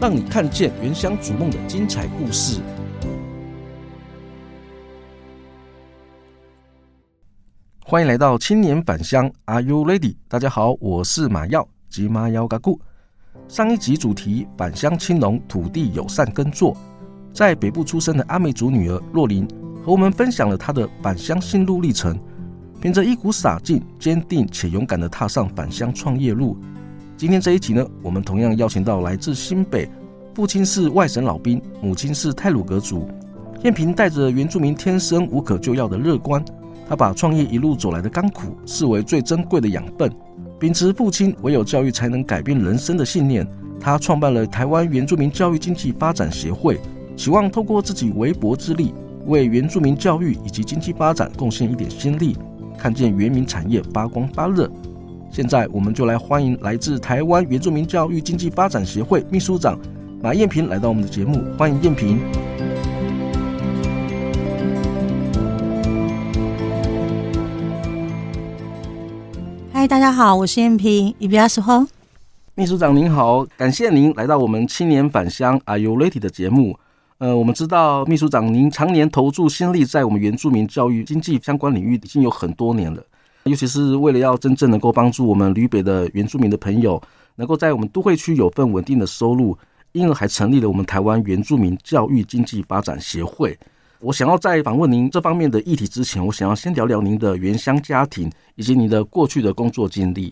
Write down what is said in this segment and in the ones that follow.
讓你看見原鄉逐夢的精彩故事。歡迎來到青年返鄉，Are you ready？大家好，我是馬耀，即馬耀嘎固。上一集主題，返鄉青農土地友善耕作，在北部出生的阿美族女兒若琳，和我們分享了她的返鄉心路歷程，憑着一股傻勁，堅定且勇敢地踏上返鄉創業路。今天這一集呢，我們同樣邀請到來自新北，父親是外省老兵，母親是太魯閣族。燕萍帶着原住民天生無可救藥的樂觀，她把創業一路走來的甘苦視為最珍貴的養分，秉持父親唯有教育才能改變人生的信念，她創辦了台灣原住民教育經濟發展協會，希望透過自己微薄之力，為原住民教育以及經濟發展貢獻一點心力，看見原民產業發光發熱。現在我們就來歡迎來自台灣原住民教育經濟發展協會秘書長馬燕萍來到我們的節目，歡迎燕萍。嗨，大家好，我是燕萍，伊比阿蘇。秘書長您好，感謝您來到我們青年返鄉，Are You Ready 的節目。呃，我們知道秘書長您常年投注心力在我們原住民教育經濟相關領域，已經有很多年了。尤其是為了要真正能夠幫助我們旅北的原住民的朋友，能夠在我們都會區有份穩定的收入，因而還成立了我們台灣原住民教育經濟發展協會。我想要在訪問您這方面的議題之前，我想要先聊聊您的原鄉家庭以及您的過去的工作經歷。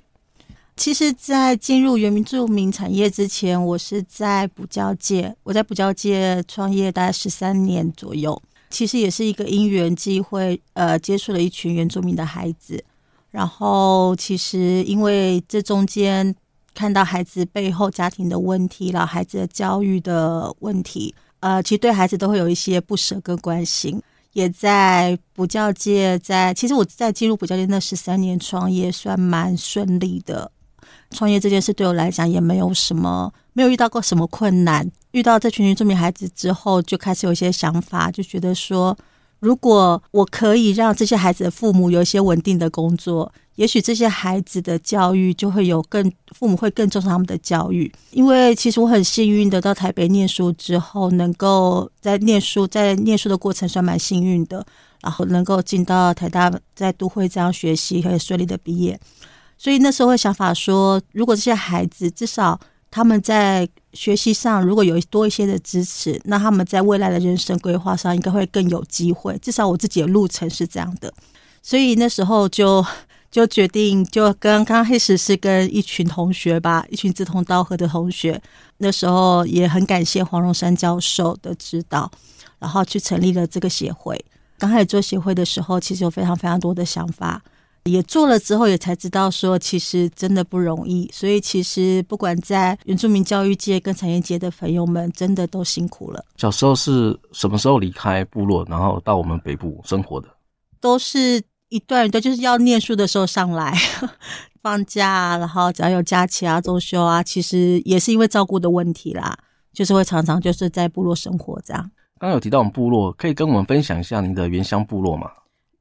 其實，在進入原住民產業之前，我是在補教界。我在補教界創業大概十三年左右，其實也是一個因緣際會，呃，接觸了一群原住民的孩子。然後，其實因為這中間看到孩子背後家庭的問題了，老孩子的教育的問題，呃，其實對孩子都會有一些不捨跟關心。也在補教界，在其實我在進入補教界那十三年創業算蠻順利的，創業這件事對我來講也沒有什麼，沒有遇到過什麼困難。遇到這群原住民孩子之後，就開始有一些想法，就覺得說。如果我可以讓這些孩子的父母有一些穩定的工作，也許這些孩子的教育就會有更父母會更重視他們的教育。因為其實我很幸運的到台北念書之後，能夠在念書，在念書的過程算蠻幸運的，然後能夠進到台大，在都會這樣學習，可以順利的畢業。所以那時候我會想法說，如果這些孩子至少他們在。學習上如果有多一些的支持，那他們在未來的人生規劃上應該會更有機會。至少我自己的路程是這樣的，所以那時候就就決定就跟，剛開始是跟一群同學吧，一群志同道合的同學。那時候也很感謝黃榮山教授的指導，然後去成立了這個協會。剛開始做協會的時候，其實有非常非常多的想法。也做了之後，也才知道說，其實真的不容易。所以其實不管在原住民教育界跟產業界的朋友們，真的都辛苦了。小時候是什麼時候離開部落，然後到我們北部生活的？都是一段一段，就是要念書的時候上來， 放假啊，然後只要有假期啊、周休啊，其實也是因為照顧的問題啦，就是會常常就是在部落生活這樣。剛剛有提到我們部落，可以跟我們分享一下您的原鄉部落嗎？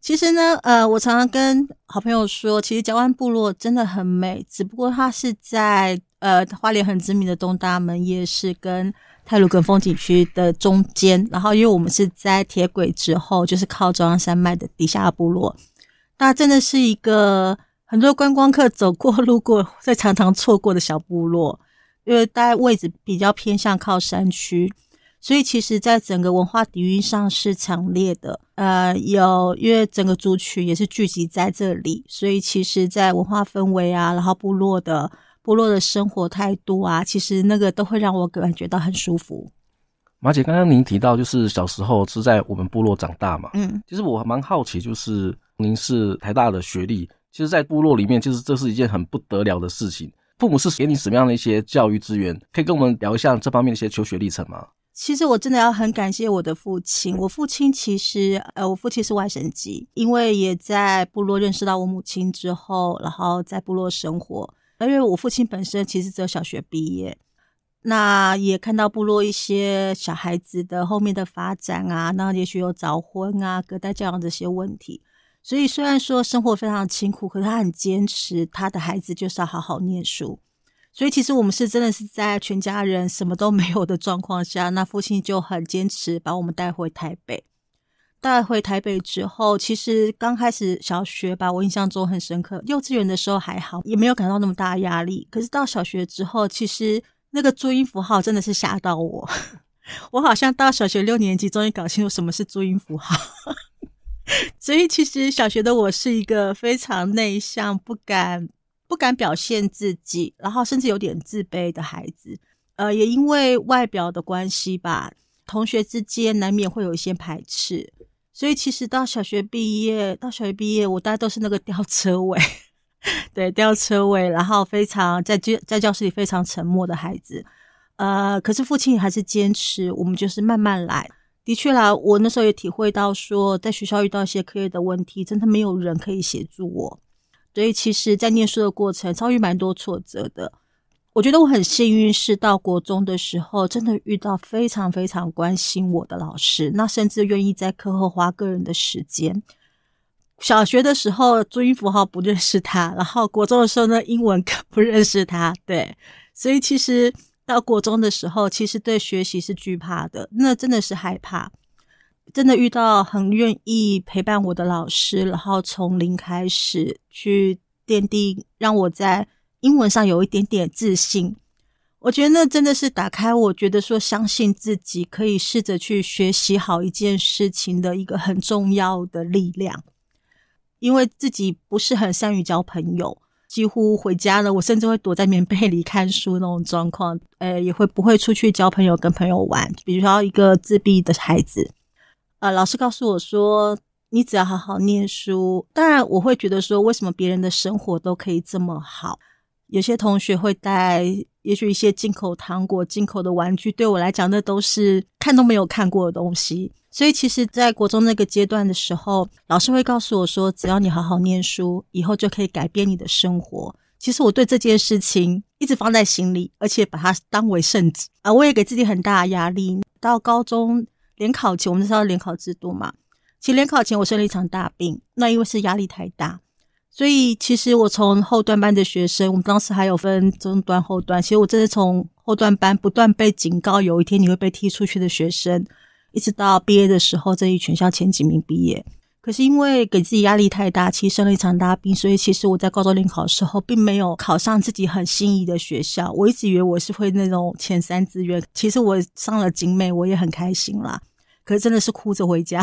其實呢，呃，我常常跟好朋友說，其實加灣部落真的很美，只不過它是在呃花蓮很知名的東大門夜市跟太魯閣風景區的中間。然後，因為我們是在鐵軌之後，就是靠中央山脈的底下部落，那真的是一個很多觀光客走過路過，在常常錯過的小部落，因為大概位置比較偏向靠山區。所以其實，在整個文化底蘊上是強烈的，呃，有因為整個族群也是聚集在這裡，所以其實，在文化氛圍啊，然後部落的部落的生活態度啊，其實那個都會讓我感覺到很舒服。馬姐，剛剛您提到就是小時候是在我們部落長大嘛，嗯，其實我蠻好奇，就是您是台大的學歷，其實，在部落裡面，其實這是一件很不得了的事情。父母是給你什麼樣的一些教育資源？可以跟我們聊一下這方面的一些求學歷程嗎？其實我真的要很感謝我的父親。我父親其實，呃，我父親是外省籍，因為也在部落認識到我母親之後，然後在部落生活。而因為我父親本身其實只有小學畢業，那也看到部落一些小孩子的後面的發展啊，那也許有早婚啊、隔代教養這些問題。所以雖然說生活非常辛苦，可是他很堅持，他的孩子就是要好好念書。所以其實我們是真的是在全家人什麼都沒有的狀況下，那父親就很堅持把我們帶回台北。帶回台北之後，其實剛開始小學吧，我印象中很深刻。幼稚園的時候還好，也沒有感到那麼大的壓力。可是到小學之後，其實那個注音符號真的是嚇到我。 我好像到小學六年級終於搞清楚什麼是注音符號。 所以其實小學的我是一個非常內向、不敢。不敢表現自己，然後甚至有點自卑的孩子，呃，也因為外表的關係吧，同學之間難免會有一些排斥。所以，其實到小學畢業，到小學畢業，我大概都是那個吊車尾， 對，吊車尾，然後非常在教在教室裡非常沉默的孩子。呃，可是父親還是堅持，我們就是慢慢來。的確啦，我那時候也體會到說，說在學校遇到一些課業的問題，真的沒有人可以協助我。所以，其實，在念書的過程遭遇蠻多挫折的。我覺得我很幸運，是到國中的時候，真的遇到非常非常關心我的老師，那甚至願意在課後花個人的時間。小學的時候，注音符號不認識他，然後國中的時候呢，英文更不認識他。對，所以其實到國中的時候，其實對學習是懼怕的，那真的是害怕。真的遇到很願意陪伴我的老師，然後從零開始去奠定，讓我在英文上有一點點自信。我覺得那真的是打開，我覺得說相信自己可以試着去學習好一件事情的一個很重要的力量。因為自己不是很善於交朋友，幾乎回家了，我甚至會躲在棉被裡看書那種狀況。呃、欸，也會不會出去交朋友，跟朋友玩，比如說一個自閉的孩子。啊！老師告訴我說，你只要好好念書。當然，我會覺得說，為什麼別人的生活都可以這麼好？有些同學會帶，也許一些進口糖果、進口的玩具，對我來講，那都是看都沒有看過的東西。所以，其實，在國中那個階段的時候，老師會告訴我說，只要你好好念書，以後就可以改變你的生活。其實，我對這件事情一直放在心裡，而且把它當為聖旨啊！我也給自己很大的壓力，到高中。聯考前，我們知道聯考制度嘛。其實聯考前，我生了一場大病，那因為是壓力太大。所以其實我從後段班的學生，我們當時還有分中段、後段。其實我真的從後段班不斷被警告，有一天你會被踢出去的學生，一直到畢業的時候，這一全校前幾名畢業。可是因為給自己壓力太大，其實生了一場大病，所以其實我在高中聯考的時候並沒有考上自己很心儀的學校。我一直以為我是會那種前三志願，其實我上了景美，我也很開心啦。可是真的是哭着回家，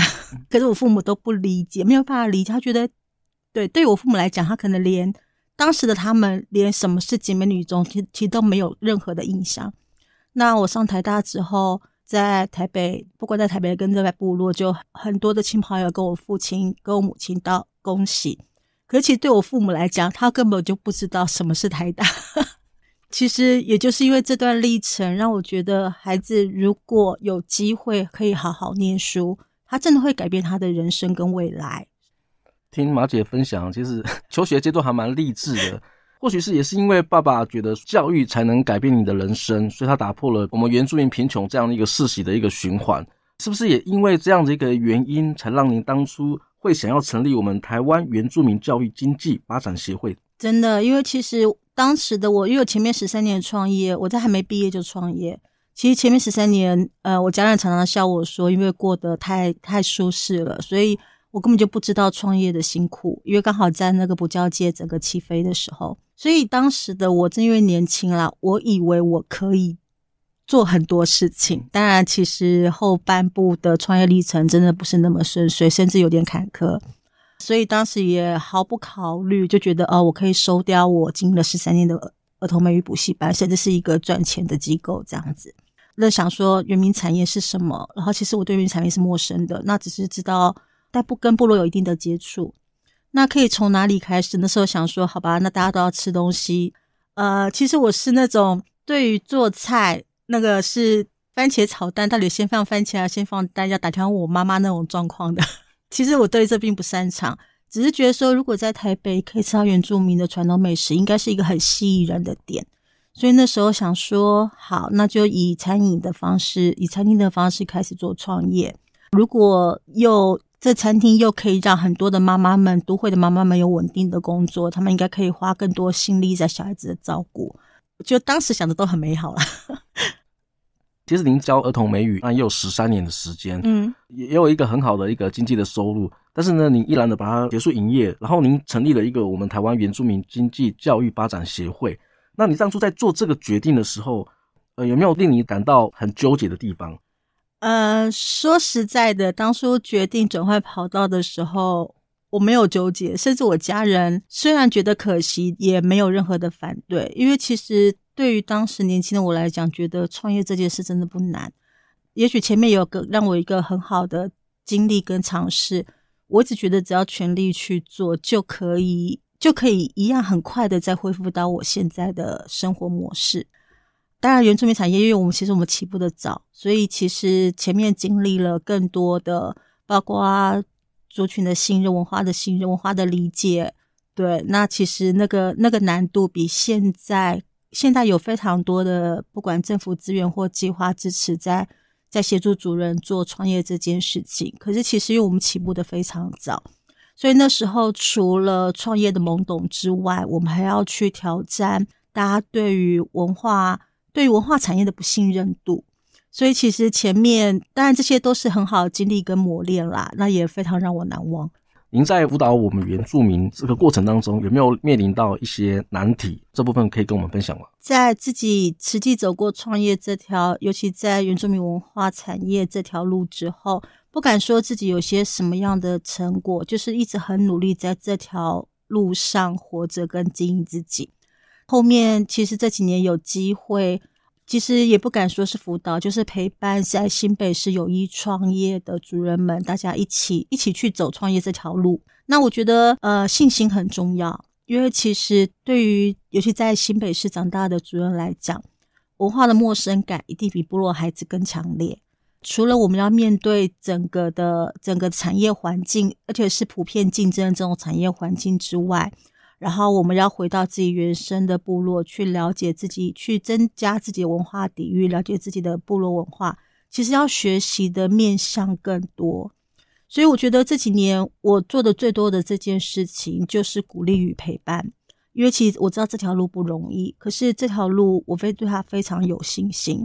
可是我父母都不理解，沒有辦法理解，他覺得對，對我父母來講，他可能連當時的他們連什麼是景美女中，其實其實都沒有任何的印象。那我上台大之後。在台北，不管在台北跟這個部落，就很多的親朋友跟我父親、跟我母親道恭喜。可是，其實對我父母來講，他根本就不知道什麼是臺大。呵呵。其實，也就是因為這段歷程，讓我覺得孩子如果有機會可以好好念書，他真的會改變他的人生跟未來。聽馬姐分享，其實求學階段還蠻勵志的。或許是也是因為爸爸覺得教育才能改變你的人生，所以他打破了我們原住民貧窮這樣的一個世襲的一個循環。是不是也因為這樣的一個原因，才讓您當初會想要成立我們台灣原住民教育經濟發展協會？真的，因為其實當時的我，因為我前面十三年創業，我在還沒畢業就創業。其實前面十三年，呃，我家人常常笑我說，因為過得太太舒適了，所以我根本就不知道創業的辛苦。因為剛好在那個補教界整個起飛的時候。所以當時的我正因為年輕啦，我以為我可以做很多事情。當然，其實後半部的創業歷程真的不是那麼順遂，甚至有點坎坷。所以當時也毫不考慮，就覺得哦，我可以收掉我經營了十三年的兒、兒童美語補習班，甚至是一個賺錢的機構這樣子。那想說，原民產業是什麼？然後其實我對原民產業是陌生的，那只是知道，但不跟部落有一定的接觸。那可以從哪裡開始？那時候想說，好吧，那大家都要吃東西。呃，其實我是那種對於做菜，那個是番茄炒蛋，到底先放番茄還、啊、是先放蛋，要打聽我媽媽那種狀況的。其實我對這並不擅長，只是覺得說，如果在台北可以吃到原住民的傳統美食，應該是一個很吸引人的點。所以那時候想說，好，那就以餐飲的方式，以餐廳的方式開始做創業。如果有這餐廳又可以讓很多的媽媽們，都會的媽媽們有穩定的工作，她們應該可以花更多心力在小孩子的照顧。就當時想的都很美好了。 其實您教兒童美語，那也有十三年的時間，嗯，也有一個很好的一個經濟的收入。但是呢，您毅然的把它結束營業，然後您成立了一個我們台灣原住民經濟教育發展協會。那你當初在做這個決定的時候，呃，有沒有令你感到很糾結的地方？呃，說實在的，當初決定轉換跑道的時候，我沒有糾結，甚至我家人雖然覺得可惜，也沒有任何的反對。因為其實對於當時年輕的我來講，覺得創業這件事真的不難。也許前面有個讓我一個很好的經歷跟嘗試，我只覺得只要全力去做，就可以，就可以一樣很快的再恢復到我現在的生活模式。當然，原住民產業，因為我們其實我們起步的早，所以其實前面經歷了更多的，包括族群的信任、文化的信任、文化的理解。對，那其實那個那個難度比現在現在有非常多的，不管政府資源或計劃支持在，在在協助族人做創業這件事情。可是其實因為我們起步的非常早，所以那時候除了創業的懵懂之外，我們還要去挑戰大家對於文化。對於文化產業的不信任度，所以其實前面當然這些都是很好的經歷跟磨練啦，那也非常讓我難忘。您在輔導我們原住民這個過程當中，有沒有面臨到一些難題？這部分可以跟我們分享嗎？在自己實際走過創業這條，尤其在原住民文化產業這條路之後，不敢說自己有些什麼樣的成果，就是一直很努力在這條路上活着跟經營自己，後面其實這幾年有機會，其實也不敢說是輔導，就是陪伴在新北市有意創業的族人們，大家一起一起去走創業這條路。那我覺得，呃，信心很重要，因為其實對於尤其在新北市長大的族人來講，文化的陌生感一定比部落孩子更強烈。除了我們要面對整個的整個產業環境，而且是普遍競爭的這種產業環境之外。然後我們要回到自己原生的部落去了解自己，去增加自己文化底蘊，了解自己的部落文化。其實要學習的面向更多，所以我覺得這幾年我做的最多的這件事情就是鼓勵與陪伴，因為其實我知道這條路不容易，可是這條路我非對它非常有信心。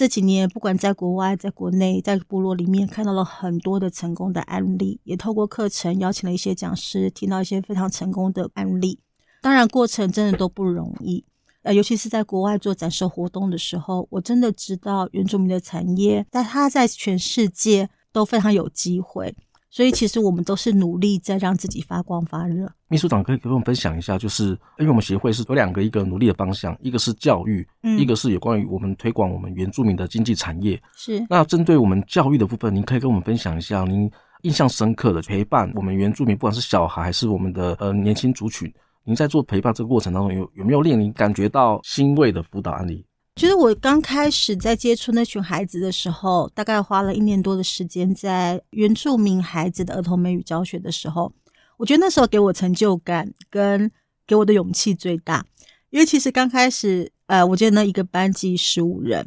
這幾年，不管在國外、在國內、在部落裡面，看到了很多的成功的案例，也透過課程邀請了一些講師，聽到一些非常成功的案例。當然，過程真的都不容易，呃，尤其是在國外做展示活動的時候，我真的知道原住民的產業，但它在全世界都非常有機會。所以其實我們都是努力在讓自己發光發熱。秘書長可以跟我們分享一下，就是因為我們協會是有兩個一個努力的方向，一個是教育，嗯，一個是有關於我們推廣我們原住民的經濟產業。是。那針對我們教育的部分，您可以跟我們分享一下，您印象深刻的陪伴我們原住民，不管是小孩還是我們的呃年輕族群，您在做陪伴這個過程當中，有有沒有令您感覺到欣慰的輔導案例？其實我剛開始在接觸那群孩子的時候，大概花了一年多的時間在原住民孩子的兒童美語教學的時候，我覺得那時候給我成就感跟給我的勇氣最大。因為其實剛開始，呃，我覺得那一個班級十五人，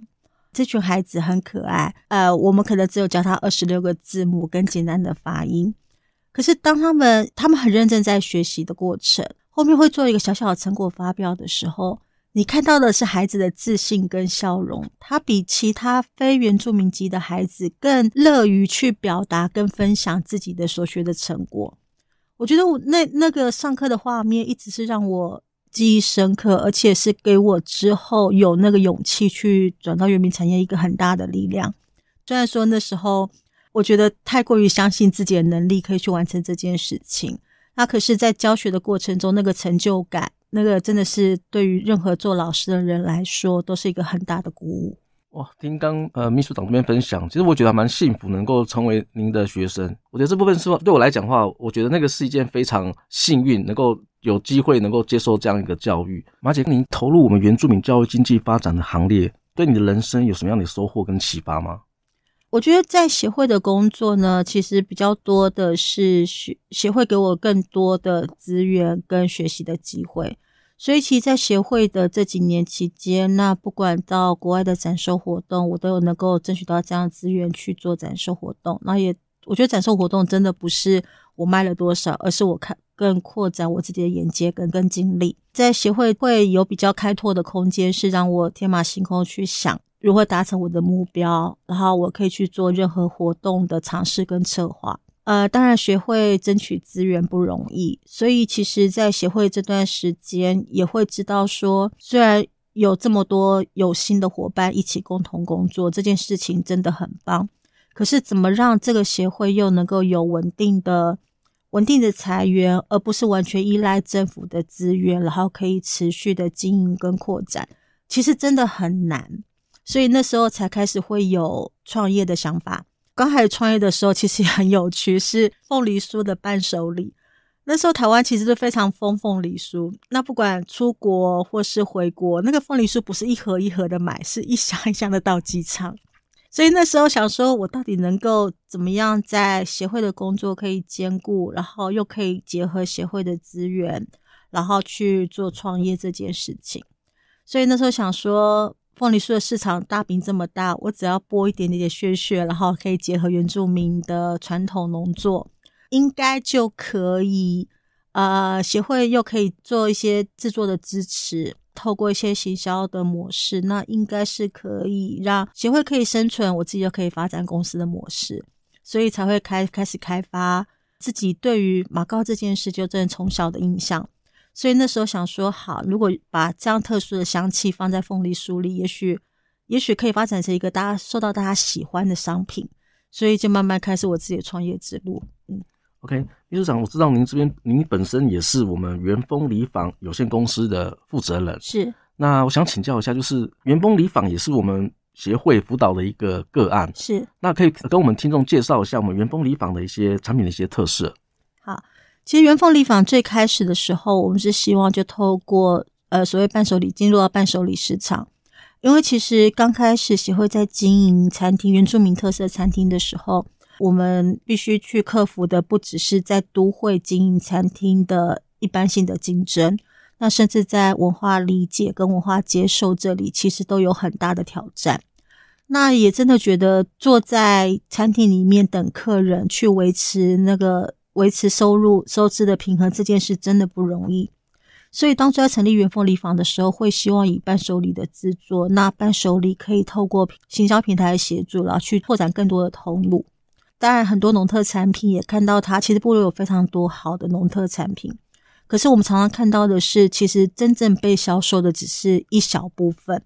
這群孩子很可愛，呃，我們可能只有教他二十六個字母跟簡單的發音。可是當他們他們很認真在學習的過程，後面會做一個小小的成果發表的時候。你看到的是孩子的自信跟笑容，他比其他非原住民籍的孩子更樂於去表達跟分享自己的所學的成果。我覺得我那那個上課的畫面一直是讓我記憶深刻，而且是給我之後有那個勇氣去轉到原民產業一個很大的力量。雖然說那時候我覺得太過於相信自己的能力可以去完成這件事情，那可是在教學的過程中那個成就感。那個真的是對於任何做老師的人來說，都是一個很大的鼓舞。哇！聽剛呃秘書長這邊分享，其實我覺得還蠻幸福，能夠成為您的學生。我覺得這部分是對我來講的話，我覺得那個是一件非常幸運，能夠有機會能夠接受這樣一個教育。馬姐，您投入我們原住民教育經濟發展的行列，對你的人生有什麼樣的收穫跟啟發嗎？我覺得在協會的工作呢，其實比較多的是學協會給我更多的資源跟學習的機會。所以，其實在協會的這幾年期間，那不管到國外的展售活動，我都有能夠爭取到這樣的資源去做展售活動。那也，我覺得展售活動真的不是我賣了多少，而是我看更擴展我自己的眼界跟跟經歷。在協會會有比較開拓的空間，是讓我天馬行空去想如何達成我的目標，然後我可以去做任何活動的嘗試跟策劃。呃，當然，學會爭取資源不容易，所以其實，在協會這段時間，也會知道說，雖然有這麼多有心的夥伴一起共同工作，這件事情真的很棒。可是，怎麼讓這個協會又能夠有穩定的、穩定的財源，而不是完全依賴政府的資源，然後可以持續的經營跟擴展，其實真的很難。所以那時候才開始會有創業的想法。剛開始創業的時候，其實也很有趣，是鳳梨酥的伴手禮。那時候台灣其實都非常瘋鳳梨酥，那不管出國或是回國，那個鳳梨酥不是一盒一盒的買，是一箱一箱的到機場。所以那時候想說，我到底能夠怎麼樣在協會的工作可以兼顧，然後又可以結合協會的資源，然後去做創業這件事情。所以那時候想說，鳳梨酥的市場大餅這麼大，我只要播一點點的屑屑，然後可以結合原住民的傳統農作，應該就可以。啊、呃，協會又可以做一些制作的支持，透過一些行銷的模式，那應該是可以讓協會可以生存，我自己又可以發展公司的模式，所以才會開開始開發自己對於馬告這件事就真的從小的印象。所以那時候想說，好，如果把這樣特殊的香氣放在鳳梨酥裡，也許，也許可以發展成一個大家受到大家喜歡的商品。所以就慢慢開始我自己的創業之路。嗯，OK，秘書長，我知道您這邊您本身也是我們元豐禮坊有限公司的負責人。是。那我想請教一下，就是元豐禮坊也是我們協會輔導的一個個案。是。那可以跟我們聽眾介紹一下我們元豐禮坊的一些產品的一些特色。其實，原鳳禮坊最開始的時候，我們是希望就透過呃所謂伴手禮進入到伴手禮市場，因為其實剛開始協會在經營餐廳、原住民特色餐廳的時候，我們必須去克服的不只是在都會經營餐廳的一般性的競爭，那甚至在文化理解跟文化接受這裡，其實都有很大的挑戰。那也真的覺得坐在餐廳裡面等客人，去維持那個。維持收入收支的平衡這件事真的不容易，所以當初在成立元豐禮坊的時候，會希望以伴手禮的制作，那伴手禮可以透過行銷平台的協助，然後去拓展更多的通路。當然，很多農特產品也看到它，其實部落有非常多好的農特產品，可是我們常常看到的是，其實真正被銷售的只是一小部分，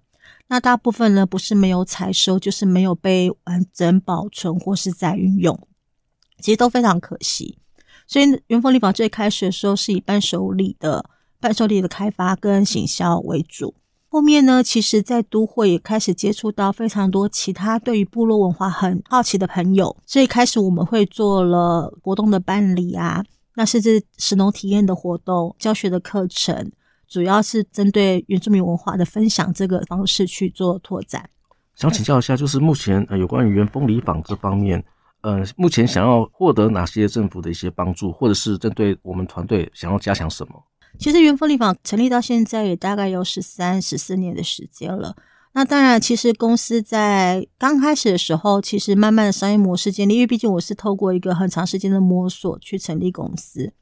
那大部分呢，不是沒有採收，就是沒有被完整保存或是再運用，其實都非常可惜。所以，原封禮坊最開始的時候是以伴手禮的伴手禮的開發跟行銷為主。後面呢，其實，在都會也開始接觸到非常多其他對於部落文化很好奇的朋友。所以，開始我們會做了活動的辦理啊，那甚至食農體驗的活動、教學的課程，主要是針對原住民文化的分享這個方式去做拓展。想請教一下，就是目前，呃，有關於原封禮坊這方面，呃，目前想要獲得哪些政府的一些幫助，或者是針對我們團隊想要加強什麼？其實原豐立方成立到現在也大概有十三、十四年的時間了。那當然，其實公司在剛開始的時候，其實慢慢的商業模式建立，因為畢竟我是透過一個很長時間的摸索去成立公司。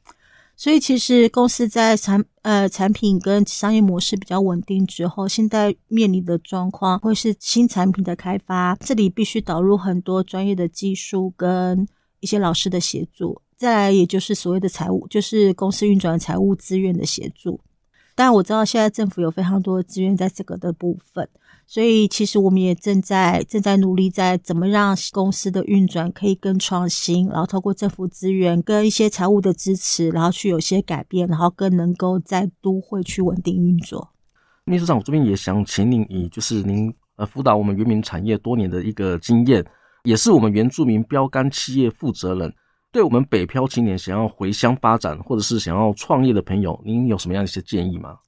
所以，其實公司在產呃產品跟商業模式比較穩定之後，現在面臨的狀況，會是新產品的開發，這裡必須導入很多專業的技術跟一些老師的協助。再來，也就是所謂的財務，就是公司運轉財務資源的協助。但我知道現在政府有非常多的資源在這個的部分。所以，其實我們也正在正在努力，在怎麼讓公司的運轉可以更創新，然後透過政府資源跟一些財務的支持，然後去有些改變，然後更能夠在都會去穩定運作。秘書長，我這邊也想請您以就是您呃輔導我們原民產業多年的一個經驗，也是我們原住民標杆企業負責人，對我們北漂青年想要回鄉發展或者是想要創業的朋友，您有什麼樣一些建議嗎？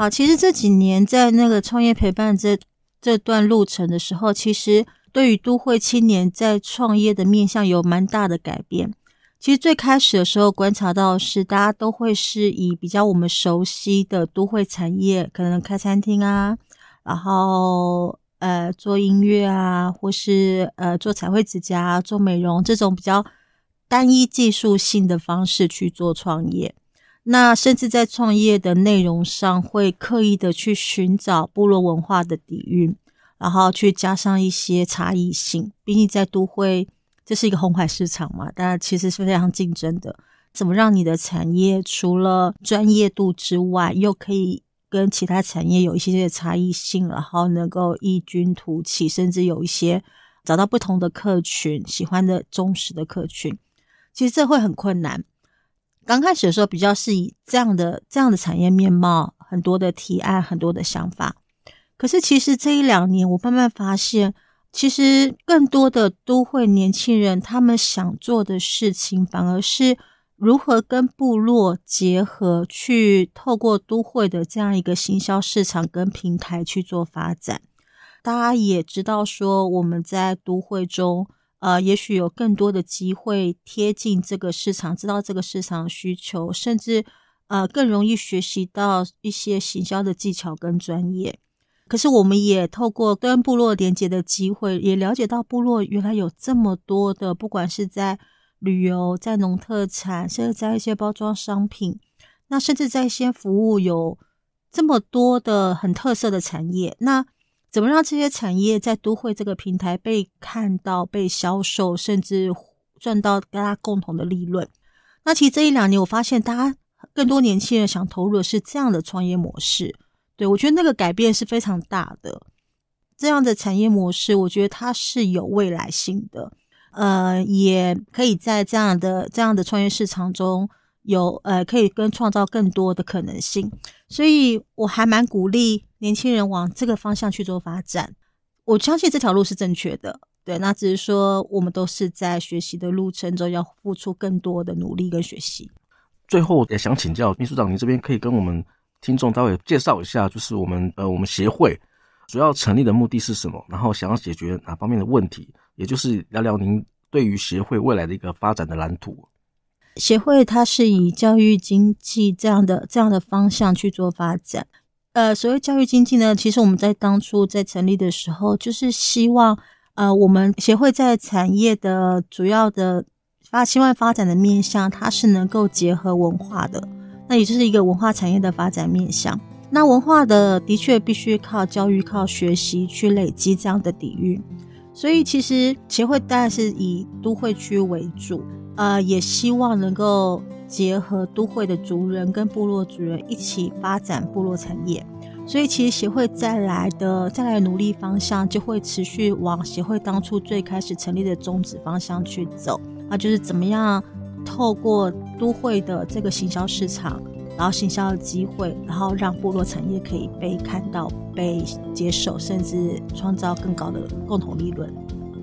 好，其實這幾年在那個創業陪伴這這段路程的時候，其實對於都會青年在創業的面向有蠻大的改變。其實最開始的時候觀察到是，大家都會是以比較我們熟悉的都會產業，可能開餐廳啊，然後呃做音樂啊，或是呃做彩繪指甲、做美容這種比較單一技術性的方式去做創業。那甚至在創業的內容上，會刻意的去尋找部落文化的底蘊，然後去加上一些差異性。畢竟在都會，這是一個紅海市場嘛，大家其實是非常競爭的。怎麼讓你的產業除了專業度之外，又可以跟其他產業有一些些差異性，然後能夠異軍突起，甚至有一些找到不同的客群喜歡的忠實的客群，其實這會很困難。剛開始的時候，比較是以這樣的這樣的產業面貌，很多的提案，很多的想法。可是其實這一兩年，我慢慢發現，其實更多的都會年輕人，他們想做的事情，反而是如何跟部落結合，去透過都會的這樣一個行銷市場跟平台去做發展。大家也知道，說我們在都會中，呃，也許有更多的機會貼近這個市場，知道這個市場需求，甚至呃更容易學習到一些行銷的技巧跟專業。可是，我們也透過跟部落連接的機會，也了解到部落原來有這麼多的，不管是在旅遊、在農特產，甚至在一些包裝商品，那甚至在一些服務，有這麼多的很特色的產業。那怎麼讓這些產業在都會這個平台被看到、被銷售，甚至賺到大家共同的利潤？那其實這一兩年，我發現大家更多年輕人想投入的是這樣的創業模式。對，我覺得那個改變是非常大的。這樣的產業模式，我覺得它是有未來性的，呃，也可以在這樣的這樣的創業市場中有呃，可以跟創造更多的可能性。所以，我還蠻鼓勵。年輕人往這個方向去做發展，我相信這條路是正確的。對，那只是說我們都是在學習的路程中，要付出更多的努力跟學習。最後也想請教秘書長，您這邊可以跟我們聽眾稍微介紹一下，就是我們呃，我們協會主要成立的目的是什麼？然後想要解決哪方面的問題？也就是聊聊您對於協會未來的一個發展的藍圖。協會它是以教育經濟這樣的這樣的方向去做發展。呃，所謂教育經濟呢，其實我們在當初在成立的時候，就是希望，呃，我們協會在產業的主要的發向外發展的面向，它是能夠結合文化的，那也就是一個文化產業的發展面向。那文化的的確必須靠教育，靠學習去累積這樣的底蘊，所以其實協會當然是以都會區為主，呃，也希望能夠。結合都會的族人跟部落族人一起發展部落產業，所以其實協會再來的再來的努力方向，就會持續往協會當初最開始成立的宗旨方向去走。啊，就是怎麼樣透過都會的這個行銷市場，然後行銷的機會，然後讓部落產業可以被看到、被接受，甚至創造更高的共同利潤。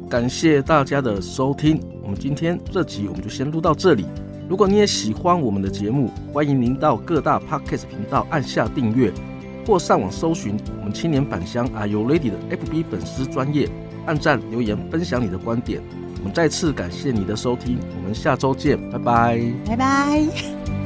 感謝大家的收聽，我們今天這集我們就先錄到這裡。如果你也喜歡我們的節目，歡迎您到各大 Podcast 頻道按下訂閱，或上網搜尋我們青年返鄉 Are You Ready 的 FB 粉絲專頁，按讚留言分享你的觀點。我們再次感謝你的收聽，我們下週見，拜拜，拜拜。